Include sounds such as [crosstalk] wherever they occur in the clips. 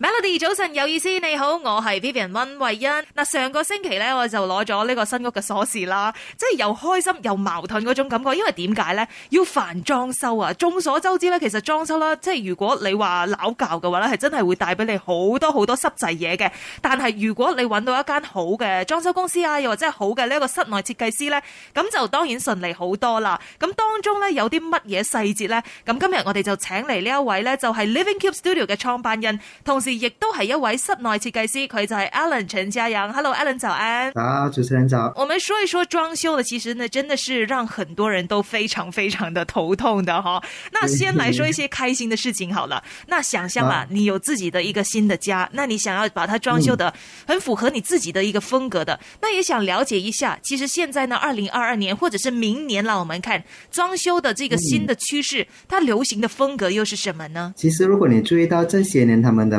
Melody，早晨有意思，你好，我係 Vivian 溫慧欣。嗱，上個星期咧，我就攞咗呢個新屋嘅鎖匙啦，即係又開心又矛盾嗰種感覺。因為點解咧？要煩裝修啊？眾所周知咧，其實裝修啦，即係如果你話拗撬嘅話咧，係真係會帶俾你好多好多濕滯嘢嘅。但係如果你搵到一間好嘅裝修公司啊，又或者好嘅呢一個室內設計師咧，咁就當然順利好多啦。咁當中咧有啲乜嘢細節咧？咁今日我哋就請嚟呢一位咧，就係 Living Cube Studio 嘅創辦人，同時。亦都係要為室內設計公司，佢就係 Alan 陳嘉陽，Hello Alan 早安。好，主持人早。我們說一說裝修的其實呢，真的是讓很多人都非常非常的頭痛的哈。那先來說一些開心的事情好了。 [laughs] 那想象啊，啊你有自己的一個新的家，啊、那你想要把它裝修得很符合你自己的一個風格的，嗯、那也想了解一下，其實現在呢，二零二二年或者是明年啦，我們看裝修的這個新的趨勢，嗯、它流行的風格又是什麼呢？其實如果你注意到這些年他們的。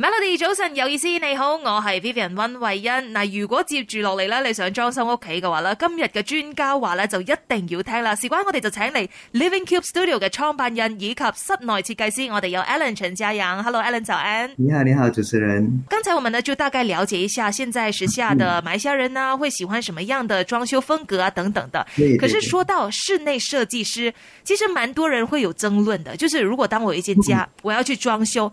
Melody 早晨，有意思，你好，我係 Vivian 溫慧欣。嗱，如果接住落嚟咧，你想裝修屋企嘅話咧，今日嘅專家話咧就一定要聽啦。事關我哋就請嚟 Living Cube Studio 嘅創辦人以及室內設計師我，我哋有 Alan 陳家陽。Hello，Alan 早安。你好，你好，主持人。剛才我們呢就大概了解一下，現在時下的買下人呢、啊、會喜歡什麼樣的裝修風格啊等等的。對對對，可是說到室內設計師，其實蠻多人會有爭論的，就是如果當我有一間家，對對對，我要去裝修。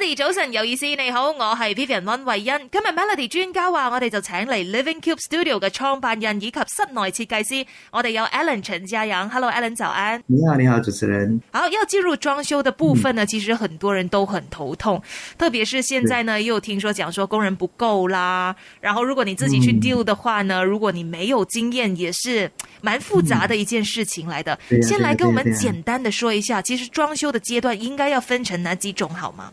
Today 早晨有意思，你好，我係 Vivian 溫慧欣。今日 Melody 專家話，我哋就請嚟 Living Cube Studio 嘅創辦人以及室內設計師，我哋有 Alan 陳嘉陽。Hello Alan，早安。你好，你好，主持人。好，要進入裝修的部分呢，嗯、其實很多人都很頭痛，特別是現在呢，對又聽說講說工人不夠啦。然後如果你自己去 deal 的話呢，嗯、如果你沒有經驗，也是蠻複雜的一件事情嚟的。先來跟我們簡單的說一下，其實裝修的階段應該要分成哪幾種，好嗎？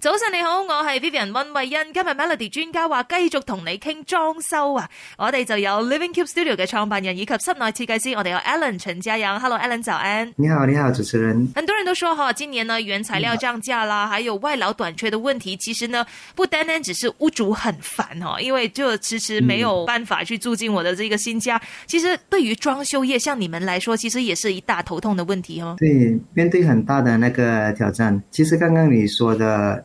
早晨你好，我係 Vivian 溫慧欣。今日 Melody 專家話繼續同你傾裝修啊，我哋就有 Living Cube Studio 嘅創辦人以及室內設計師，T、C，我哋有 Alan 陳嘉陽。Hello Alan，早安。你好，你好主持人。很多人都說哈，今年呢原材料漲價啦，好還有外勞短缺的問題。其實呢，不單單只是屋主很煩哦，因為就遲遲沒有辦法去住進我的這個新家。嗯、其實對於裝修業，像你們來說，其實也是一大頭痛的問題哦。對，面對很大的那個挑戰。其實剛剛你說的。